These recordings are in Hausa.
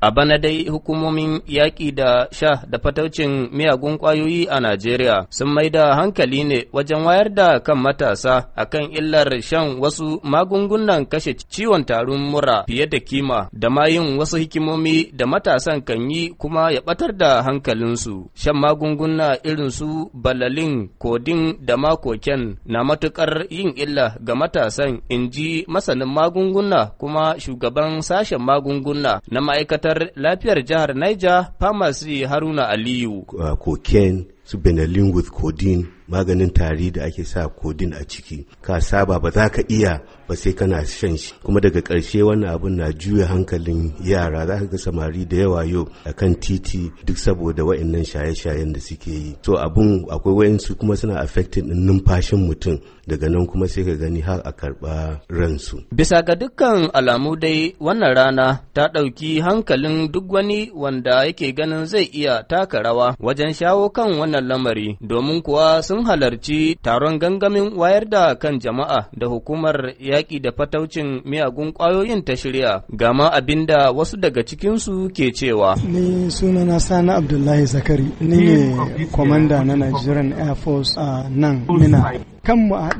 A bana dai hukumomin yaƙi da sha da fataucin miyagun ƙwayoyi a Najeriya sun mai da hankali ne wajen wayar da kan matasa a kan illar shan wasu magungunan kashe ciwon tarin mura fiye da kima da mayin wasu hikimomi da matasan kan yi kuma ya ɓatar da hankalinsu. Shan magunguna irin su balalin, kodin da makoken na matuƙar yin illa ga matasan in ji masanin magunguna kuma shugaban sashen magunguna na ma'aikata ma'aikatar lafiyar jihar Niger Pharmacy Haruna Aliyu. Uh, Koken su benelin with codeine maganin tari da ake sa codeine a ciki ka saba ba za ka iya ba sai kana shan shi kuma daga karshe wannan abun na juya hankalin yara za ka ga samari da yawa yau a kan titi duk saboda wa'annan shaye-shayen da suke yi so abun akwai wayansu kuma suna affecting din numfashin mutum daga nan kuma sai ka gani har a karɓa ransu bisa ga dukkan alamu dai wannan rana ta ɗauki hankalin duk wani wanda yake ganin zai iya taka rawa wajen shawo kan wannan wannan lamari domin kuwa sun halarci taron gangamin wayar da kan jama'a da hukumar yaƙi da fataucin miyagun ƙwayoyin ta shirya gama abin da wasu daga cikinsu ke cewa. Ni sunana Sani Abdullahi Zakari, ni ne kwamanda na Nigerian Air Force a nan Mina. Kanmu a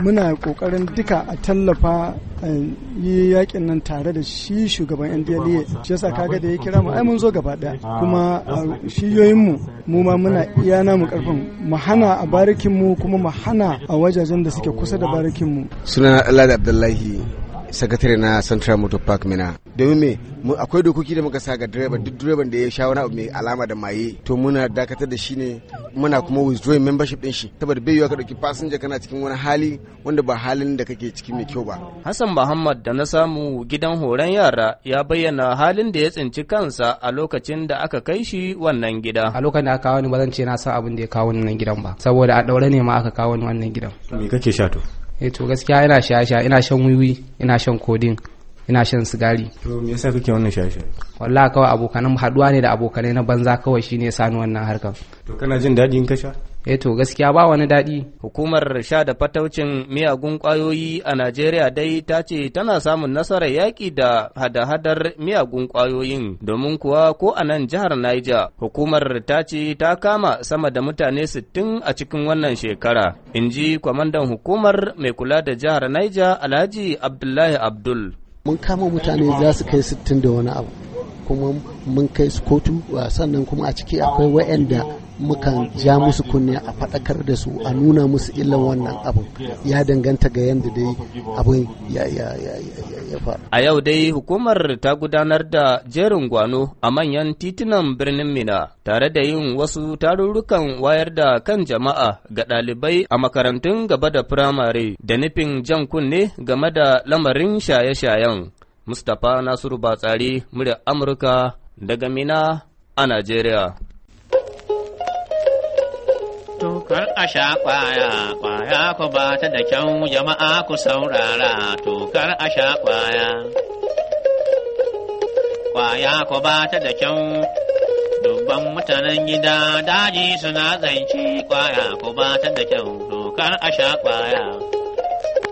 muna kokarin duka a tallafa eh, yi yakin nan tare da shi shugaban ndla shi yasa kaga da ya kira mu ai mun zo gaba daya kuma shiyoyin mu mu ma muna iya namu karfin mu hana a barikin mu kuma mu hana a wajajen da suke kusa da barikin mu sunana da Abdullahi sakatare na central motor park mina domin me akwai dokoki da muka sa ga direba duk direban da ya sha wani abu mai alama da maye to muna dakatar da shi ne muna kuma withdrawing membership din shi saboda bai yiwa ka dauki fasinja kana cikin wani hali wanda ba halin da kake cikin mai kyau ba Hassan Muhammad da na samu gidan horon yara ya bayyana halin da ya tsinci kansa a lokacin da aka kai shi wannan gida a lokacin da aka kawo ni ba zan ce na san abin da ya kawo ni gidan ba saboda a daure ne ma aka kawo ni wannan gidan me kake sha to e to gaskiya ina shaye sha ina shan wiwi ina shan kodin ina shan sigari to me yasa kake wannan shaye-shaye wallahi kawai abokanan haduwa ne da abokanai na banza kawai shine ya sani wannan harkan to kana jin daɗi in ka sha eh to gaskiya ba wani daɗi. Hukumar sha da fataucin miyagun ƙwayoyi a Najeriya dai ta ce tana samun nasarar yaƙi da hada-hadar miyagun ƙwayoyin domin kuwa ko a nan jihar Niger hukumar ta ce ta kama sama da mutane sittin a cikin wannan shekara in ji kwamandan hukumar mai kula da jihar Niger Alhaji Abdullahi Abdul. Mun kama mutane za su kai sittin da wani abu. kuma mun kai su kotu uh, sannan kuma a ciki akwai wa'anda mukan ja musu kunne a faɗakar da su a nuna musu illan wannan abin ya danganta ga yadda dai abin ya faru. A yau dai hukumar ta gudanar da jerin gwano a manyan titunan birnin Mina tare da yin wasu tarurrukan wayar da kan jama'a ga ɗalibai a makarantun gaba da firamare da nufin jan kunne game da lamarin shaye-shayen. Mustapha Nasiru Batsari, murya Amurka daga Mina a Najeriya. Tukar a sha kwaya, kwaya ku ba ta da kyau jama'a ku saurara, tukar a sha kwaya. Kwaya ku ba ta da kyau, dubban mutanen gida daji suna zance kwaya ku ba ta da kyau, Tokar a sha kwaya,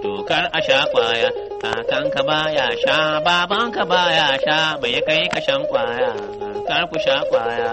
tukar a sha kwaya. kakanka baya sha babanka baya sha bai kai ka shan kwaya kar ku sha kwaya